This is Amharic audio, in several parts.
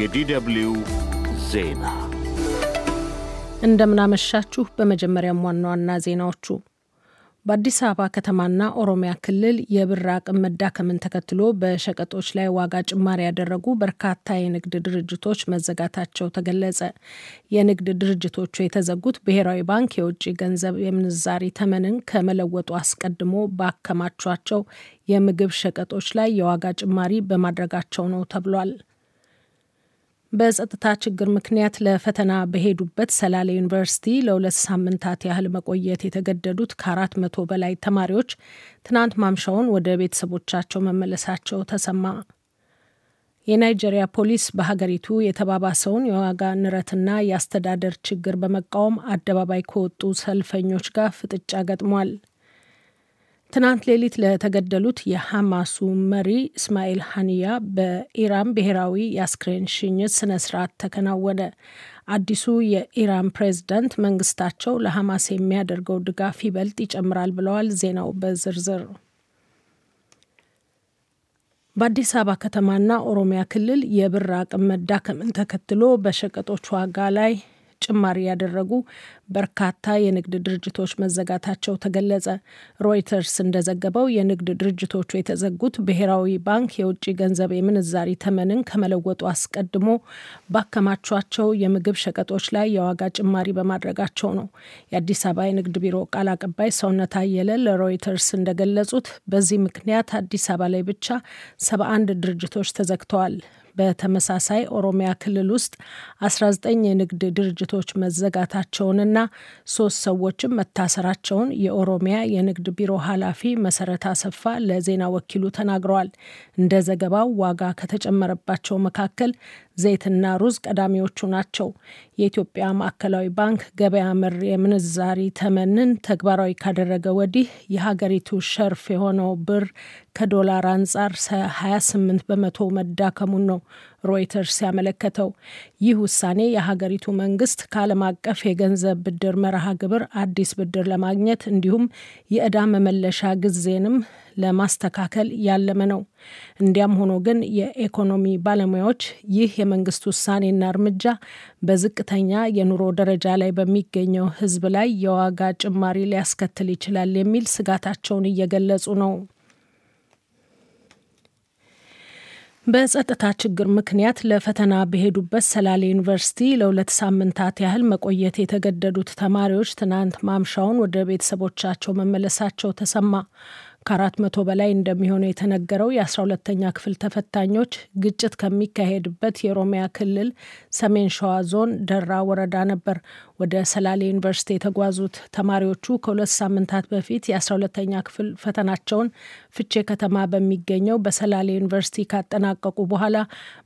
የዲደብልዩ ዜና እንደምናመሻችሁ። በመጀመሪያም ዋና ዋና ዜናዎቹ በአዲስ አበባ ከተማና ኦሮሚያ ክልል የብር አቅም መዳከምን ተከትሎ በሸቀጦች ላይ ዋጋ ጭማሪ ያደረጉ በርካታ የንግድ ድርጅቶች መዘጋታቸው ተገለጸ። የንግድ ድርጅቶቹ የተዘጉት ብሔራዊ ባንክ የውጭ ገንዘብ የምንዛሪ ተመንን ከመለወጡ አስቀድሞ ባከማቿቸው የምግብ ሸቀጦች ላይ የዋጋ ጭማሪ በማድረጋቸው ነው ተብሏል። በጸጥታ ችግር ምክንያት ለፈተና በሄዱበት ሰላሌ ዩኒቨርሲቲ ለሁለት ሳምንታት ያህል መቆየት የተገደዱት ከአራት መቶ በላይ ተማሪዎች ትናንት ማምሻውን ወደ ቤተሰቦቻቸው መመለሳቸው ተሰማ። የናይጄሪያ ፖሊስ በሀገሪቱ የተባባሰውን የዋጋ ንረትና የአስተዳደር ችግር በመቃወም አደባባይ ከወጡ ሰልፈኞች ጋር ፍጥጫ ገጥሟል። ትናንት ሌሊት ለተገደሉት የሐማሱ መሪ እስማኤል ሀኒያ በኢራን ብሔራዊ የአስክሬን ሽኝት ስነ ስርዓት ተከናወነ። አዲሱ የኢራን ፕሬዝዳንት መንግስታቸው ለሐማስ የሚያደርገው ድጋፍ ይበልጥ ይጨምራል ብለዋል። ዜናው በዝርዝር በአዲስ አበባ ከተማና ኦሮሚያ ክልል የብር አቅም መዳከምን ተከትሎ በሸቀጦች ዋጋ ላይ ጭማሪ ያደረጉ በርካታ የንግድ ድርጅቶች መዘጋታቸው ተገለጸ። ሮይተርስ እንደዘገበው የንግድ ድርጅቶቹ የተዘጉት ብሔራዊ ባንክ የውጭ ገንዘብ የምንዛሪ ተመንን ከመለወጡ አስቀድሞ ባከማቿቸው የምግብ ሸቀጦች ላይ የዋጋ ጭማሪ በማድረጋቸው ነው። የአዲስ አበባ የንግድ ቢሮ ቃል አቀባይ ሰውነት አየለ ለሮይተርስ እንደገለጹት በዚህ ምክንያት አዲስ አበባ ላይ ብቻ ሰባ አንድ ድርጅቶች ተዘግተዋል። በተመሳሳይ ኦሮሚያ ክልል ውስጥ 19 የንግድ ድርጅቶች መዘጋታቸውንና ሶስት ሰዎችም መታሰራቸውን የኦሮሚያ የንግድ ቢሮ ኃላፊ መሰረት አሰፋ ለዜና ወኪሉ ተናግረዋል። እንደ ዘገባው ዋጋ ከተጨመረባቸው መካከል ዘይትና ሩዝ ቀዳሚዎቹ ናቸው። የኢትዮጵያ ማዕከላዊ ባንክ ገበያ ምር የምንዛሪ ተመንን ተግባራዊ ካደረገ ወዲህ የሀገሪቱ ሸርፍ የሆነው ብር ከዶላር አንጻር 28 በመቶ መዳከሙን ነው ሮይተርስ ያመለከተው። ይህ ውሳኔ የሀገሪቱ መንግስት ከዓለም አቀፍ የገንዘብ ብድር መርሃ ግብር አዲስ ብድር ለማግኘት እንዲሁም የእዳ መመለሻ ጊዜንም ለማስተካከል ያለመ ነው። እንዲያም ሆኖ ግን የኢኮኖሚ ባለሙያዎች ይህ የመንግስት ውሳኔና እርምጃ በዝቅተኛ የኑሮ ደረጃ ላይ በሚገኘው ሕዝብ ላይ የዋጋ ጭማሪ ሊያስከትል ይችላል የሚል ስጋታቸውን እየገለጹ ነው። በጸጥታ ችግር ምክንያት ለፈተና በሄዱበት ሰላሌ ዩኒቨርሲቲ ለሁለት ሳምንታት ያህል መቆየት የተገደዱት ተማሪዎች ትናንት ማምሻውን ወደ ቤተሰቦቻቸው መመለሳቸው ተሰማ። ከአራት መቶ በላይ እንደሚሆኑ የተነገረው የአስራ ሁለተኛ ክፍል ተፈታኞች ግጭት ከሚካሄድበት የኦሮሚያ ክልል ሰሜን ሸዋ ዞን ደራ ወረዳ ነበር ወደ ሰላሌ ዩኒቨርሲቲ የተጓዙት። ተማሪዎቹ ከሁለት ሳምንታት በፊት የአስራ ሁለተኛ ክፍል ፈተናቸውን ፍቼ ከተማ በሚገኘው በሰላሌ ዩኒቨርሲቲ ካጠናቀቁ በኋላ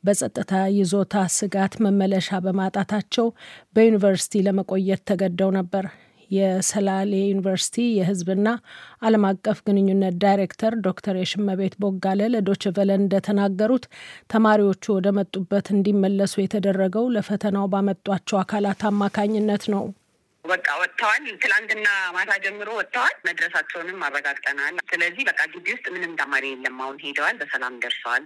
በጸጥታ ይዞታ ስጋት መመለሻ በማጣታቸው በዩኒቨርሲቲ ለመቆየት ተገደው ነበር። የሰላሌ ዩኒቨርሲቲ የህዝብና ዓለም አቀፍ ግንኙነት ዳይሬክተር ዶክተር የሽመቤት ቦጋለ ለዶችቨለ እንደተናገሩት ተማሪዎቹ ወደ መጡበት እንዲመለሱ የተደረገው ለፈተናው ባመጧቸው አካላት አማካኝነት ነው። በቃ ወጥተዋል። ትላንትና ማታ ጀምሮ ወጥተዋል። መድረሳቸውንም አረጋግጠናል። ስለዚህ በቃ ግቢ ውስጥ ምንም ተማሪ የለም። አሁን ሄደዋል፣ በሰላም ደርሰዋል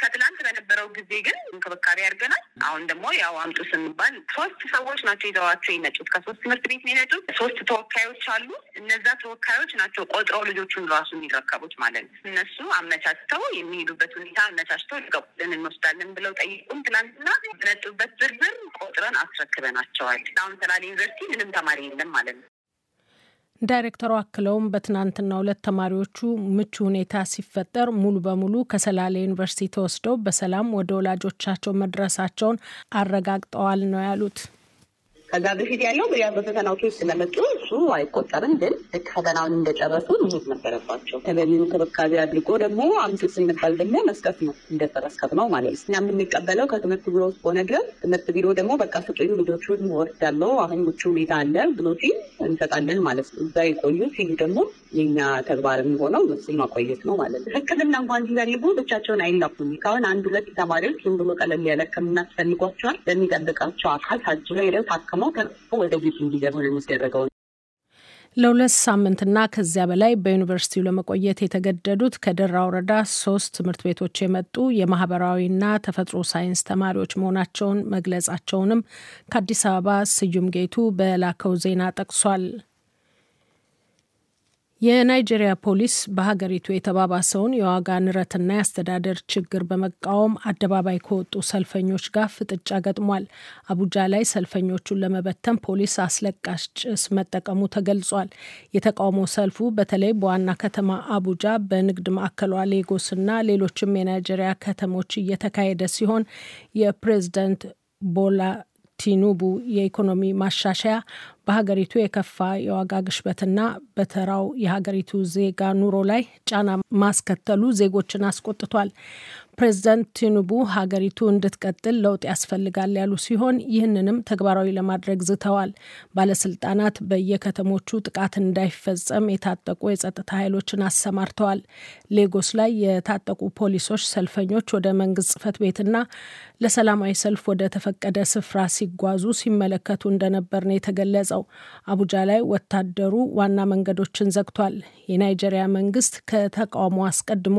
ከትላንት በነበረው ጊዜ ግን እንክብካቤ አድርገናል። አሁን ደግሞ ያው አምጡ ስንባል ሶስት ሰዎች ናቸው ይዘዋቸው የነጩት። ከሶስት ትምህርት ቤት ነው የነጩት። ሶስት ተወካዮች አሉ። እነዛ ተወካዮች ናቸው ቆጥረው ልጆቹን ራሱ የሚረከቡት ማለት ነው። እነሱ አመቻችተው የሚሄዱበት ሁኔታ አመቻችተው ልቀቁልን እንወስዳለን ብለው ጠይቁም ትላንትና ነጡበት ዝርዝር ቆጥረን አስረክበናቸዋል። አሁን ሰላሌ ዩኒቨርሲቲ ምንም ተማሪ የለም ማለት ነው። ዳይሬክተሩ አክለውም በትናንትና ሁለት ተማሪዎቹ ምቹ ሁኔታ ሲፈጠር ሙሉ በሙሉ ከሰላሌ ዩኒቨርሲቲ ተወስደው በሰላም ወደ ወላጆቻቸው መድረሳቸውን አረጋግጠዋል ነው ያሉት። ከዛ በፊት ያለው ብሪያን በፈተናዎች ውስጥ ስለመጡ እሱ አይቆጠርም፣ ግን ልክ ፈተናውን እንደጨረሱ መሄድ ነበረባቸው። ተገቢውን ክብካቤ አድርጎ ደግሞ አምስት ስንባል ደግሞ መስጠት ነው እንደተረስከብ ነው ማለት ነው። እኛ የምንቀበለው ከትምህርት ቢሮ ውስጥ ሆነ ድረስ ትምህርት ቢሮ ደግሞ በቃ ስጡኝ ልጆቹን ወርዳለው አሁን ምቹ ሁኔታ አለ ብሎ ሲል እንሰጣለን ማለት ነው። እዛ የቆዩ ሲሉ ደግሞ የኛ ተግባር የሚሆነው እሱ ማቆየት ነው ማለት ነው። ሕክምና እንኳን ሲፈልጉ ብቻቸውን አይላኩም። ካሁን አንድ ሁለት ተማሪዎች ዝም ብሎ ቀለል ያለ ሕክምና ያስፈልጓቸዋል። ለሚጠብቃቸው አካል ታጅበው ሄደው ታከሙ ደግሞ ወደ ግቢ ለሁለት ሳምንትና ከዚያ በላይ በዩኒቨርሲቲው ለመቆየት የተገደዱት ከደራ ወረዳ ሶስት ትምህርት ቤቶች የመጡ የማህበራዊና ተፈጥሮ ሳይንስ ተማሪዎች መሆናቸውን መግለጻቸውንም ከአዲስ አበባ ስዩም ጌቱ በላከው ዜና ጠቅሷል። የናይጄሪያ ፖሊስ በሀገሪቱ የተባባሰውን የዋጋ ንረትና የአስተዳደር ችግር በመቃወም አደባባይ ከወጡ ሰልፈኞች ጋር ፍጥጫ ገጥሟል። አቡጃ ላይ ሰልፈኞቹን ለመበተን ፖሊስ አስለቃሽ ጭስ መጠቀሙ ተገልጿል። የተቃውሞ ሰልፉ በተለይ በዋና ከተማ አቡጃ፣ በንግድ ማዕከሏ ሌጎስና ሌሎችም የናይጄሪያ ከተሞች እየተካሄደ ሲሆን የፕሬዝዳንት ቦላ ቲኑቡ የኢኮኖሚ ማሻሻያ በሀገሪቱ የከፋ የዋጋ ግሽበትና በተራው የሀገሪቱ ዜጋ ኑሮ ላይ ጫና ማስከተሉ ዜጎችን አስቆጥቷል። ፕሬዚደንት ቲኑቡ ሀገሪቱ እንድትቀጥል ለውጥ ያስፈልጋል ያሉ ሲሆን ይህንንም ተግባራዊ ለማድረግ ዝተዋል። ባለስልጣናት በየከተሞቹ ጥቃት እንዳይፈጸም የታጠቁ የጸጥታ ኃይሎችን አሰማርተዋል። ሌጎስ ላይ የታጠቁ ፖሊሶች ሰልፈኞች ወደ መንግስት ጽህፈት ቤትና ለሰላማዊ ሰልፍ ወደ ተፈቀደ ስፍራ ሲጓዙ ሲመለከቱ እንደነበር ነው የተገለጸ ገለጸው። አቡጃ ላይ ወታደሩ ዋና መንገዶችን ዘግቷል። የናይጄሪያ መንግስት ከተቃውሞ አስቀድሞ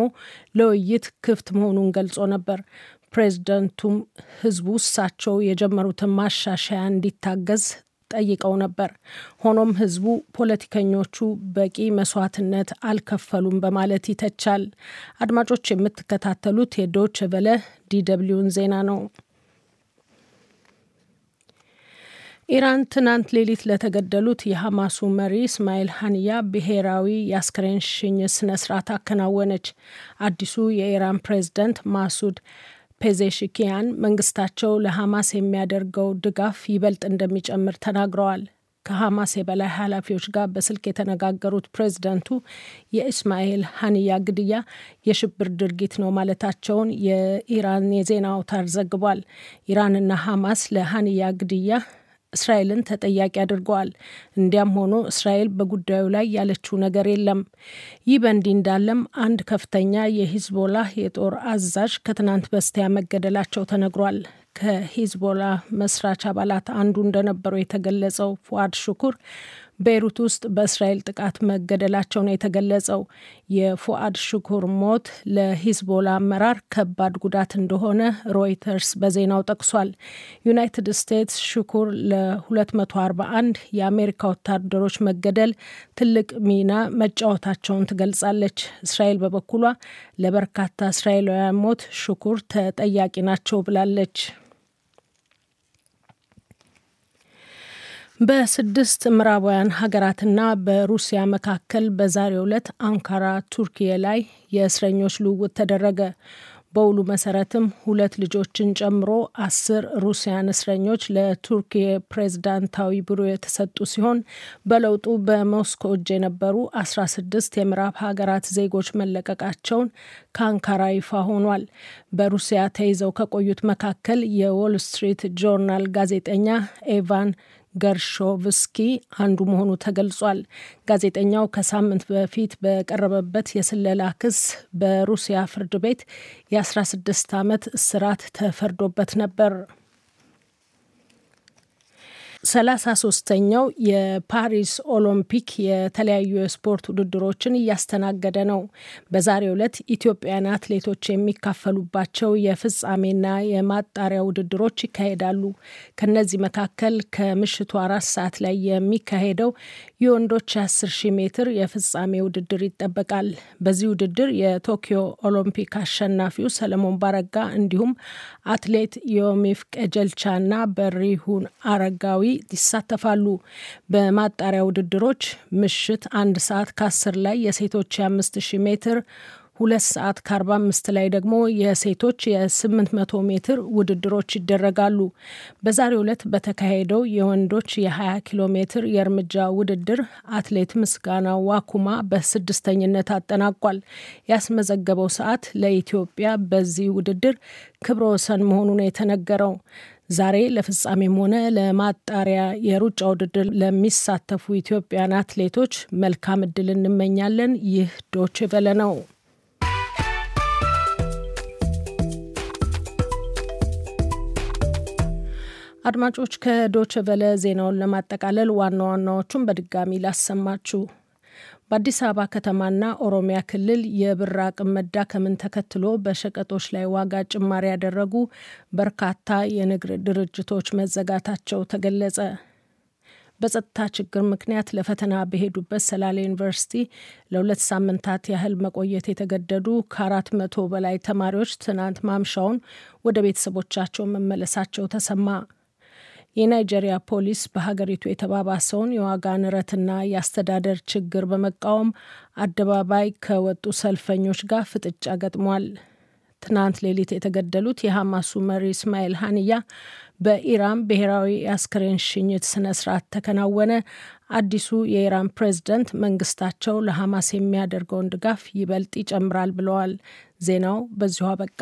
ለውይይት ክፍት መሆኑን ገልጾ ነበር። ፕሬዚደንቱም ህዝቡ እሳቸው የጀመሩትን ማሻሻያ እንዲታገዝ ጠይቀው ነበር። ሆኖም ህዝቡ ፖለቲከኞቹ በቂ መስዋዕትነት አልከፈሉም በማለት ይተቻል። አድማጮች የምትከታተሉት የዶች ቨለ ዲደብሊውን ዜና ነው። ኢራን ትናንት ሌሊት ለተገደሉት የሐማሱ መሪ እስማኤል ሀንያ ብሔራዊ የአስክሬን ሽኝ ስነ ስርዓት አከናወነች። አዲሱ የኢራን ፕሬዝደንት ማሱድ ፔዜሽኪያን መንግስታቸው ለሐማስ የሚያደርገው ድጋፍ ይበልጥ እንደሚጨምር ተናግረዋል። ከሐማስ የበላይ ኃላፊዎች ጋር በስልክ የተነጋገሩት ፕሬዝደንቱ የእስማኤል ሀንያ ግድያ የሽብር ድርጊት ነው ማለታቸውን የኢራን የዜና አውታር ዘግቧል። ኢራንና ሐማስ ለሀንያ ግድያ እስራኤልን ተጠያቂ አድርገዋል። እንዲያም ሆኖ እስራኤል በጉዳዩ ላይ ያለችው ነገር የለም። ይህ በእንዲህ እንዳለም አንድ ከፍተኛ የሂዝቦላህ የጦር አዛዥ ከትናንት በስቲያ መገደላቸው ተነግሯል። ከሂዝቦላ መስራች አባላት አንዱ እንደነበረው የተገለጸው ፉአድ ሽኩር ቤይሩት ውስጥ በእስራኤል ጥቃት መገደላቸው ነው የተገለጸው። የፉአድ ሽኩር ሞት ለሂዝቦላ አመራር ከባድ ጉዳት እንደሆነ ሮይተርስ በዜናው ጠቅሷል። ዩናይትድ ስቴትስ ሽኩር ለ241 የአሜሪካ ወታደሮች መገደል ትልቅ ሚና መጫወታቸውን ትገልጻለች። እስራኤል በበኩሏ ለበርካታ እስራኤላውያን ሞት ሽኩር ተጠያቂ ናቸው ብላለች። በስድስት ምዕራባውያን ሀገራትና በሩሲያ መካከል በዛሬው ዕለት አንካራ ቱርኪየ ላይ የእስረኞች ልውውጥ ተደረገ። በውሉ መሰረትም ሁለት ልጆችን ጨምሮ አስር ሩሲያን እስረኞች ለቱርኪየ ፕሬዝዳንታዊ ቢሮ የተሰጡ ሲሆን በለውጡ በሞስኮ እጅ የነበሩ አስራ ስድስት የምዕራብ ሀገራት ዜጎች መለቀቃቸውን ከአንካራ ይፋ ሆኗል። በሩሲያ ተይዘው ከቆዩት መካከል የዎል ስትሪት ጆርናል ጋዜጠኛ ኤቫን ገርሾቭስኪ አንዱ መሆኑ ተገልጿል። ጋዜጠኛው ከሳምንት በፊት በቀረበበት የስለላ ክስ በሩሲያ ፍርድ ቤት የ16 ዓመት እስራት ተፈርዶበት ነበር። ሰላሳ ሶስተኛው የፓሪስ ኦሎምፒክ የተለያዩ የስፖርት ውድድሮችን እያስተናገደ ነው። በዛሬው ዕለት ኢትዮጵያውያን አትሌቶች የሚካፈሉባቸው የፍጻሜና የማጣሪያ ውድድሮች ይካሄዳሉ። ከነዚህ መካከል ከምሽቱ አራት ሰዓት ላይ የሚካሄደው የወንዶች የአስር ሺህ ሜትር የፍጻሜ ውድድር ይጠበቃል። በዚህ ውድድር የቶኪዮ ኦሎምፒክ አሸናፊው ሰለሞን ባረጋ እንዲሁም አትሌት ዮሚፍ ቀጀልቻና በሪሁን አረጋዊ ይሳተፋሉ። በማጣሪያ ውድድሮች ምሽት አንድ ሰዓት ከአስር ላይ የሴቶች የ5000 ሜትር ሁለት ሰዓት ከ45 ላይ ደግሞ የሴቶች የ800 ሜትር ውድድሮች ይደረጋሉ። በዛሬው ዕለት በተካሄደው የወንዶች የ20 ኪሎ ሜትር የእርምጃ ውድድር አትሌት ምስጋና ዋኩማ በስድስተኝነት አጠናቋል። ያስመዘገበው ሰዓት ለኢትዮጵያ በዚህ ውድድር ክብረ ወሰን መሆኑ ነው የተነገረው። ዛሬ ለፍጻሜም ሆነ ለማጣሪያ የሩጫ ውድድር ለሚሳተፉ ኢትዮጵያን አትሌቶች መልካም እድል እንመኛለን። ይህ ዶች ቨለ ነው። አድማጮች ከዶች በለ ዜናውን ለማጠቃለል ዋና ዋናዎቹን በድጋሚ ላሰማችሁ። በአዲስ አበባ ከተማና ኦሮሚያ ክልል የብር አቅም መዳከምን ተከትሎ በሸቀጦች ላይ ዋጋ ጭማሪ ያደረጉ በርካታ የንግድ ድርጅቶች መዘጋታቸው ተገለጸ። በጸጥታ ችግር ምክንያት ለፈተና በሄዱበት ሰላሌ ዩኒቨርሲቲ ለሁለት ሳምንታት ያህል መቆየት የተገደዱ ከአራት መቶ በላይ ተማሪዎች ትናንት ማምሻውን ወደ ቤተሰቦቻቸው መመለሳቸው ተሰማ። የናይጀሪያ ፖሊስ በሀገሪቱ የተባባሰውን የዋጋ ንረትና የአስተዳደር ችግር በመቃወም አደባባይ ከወጡ ሰልፈኞች ጋር ፍጥጫ ገጥሟል። ትናንት ሌሊት የተገደሉት የሐማሱ መሪ እስማኤል ሀንያ በኢራን ብሔራዊ የአስክሬን ሽኝት ስነ ስርዓት ተከናወነ። አዲሱ የኢራን ፕሬዝደንት መንግስታቸው ለሐማስ የሚያደርገውን ድጋፍ ይበልጥ ይጨምራል ብለዋል። ዜናው በዚሁ አበቃ።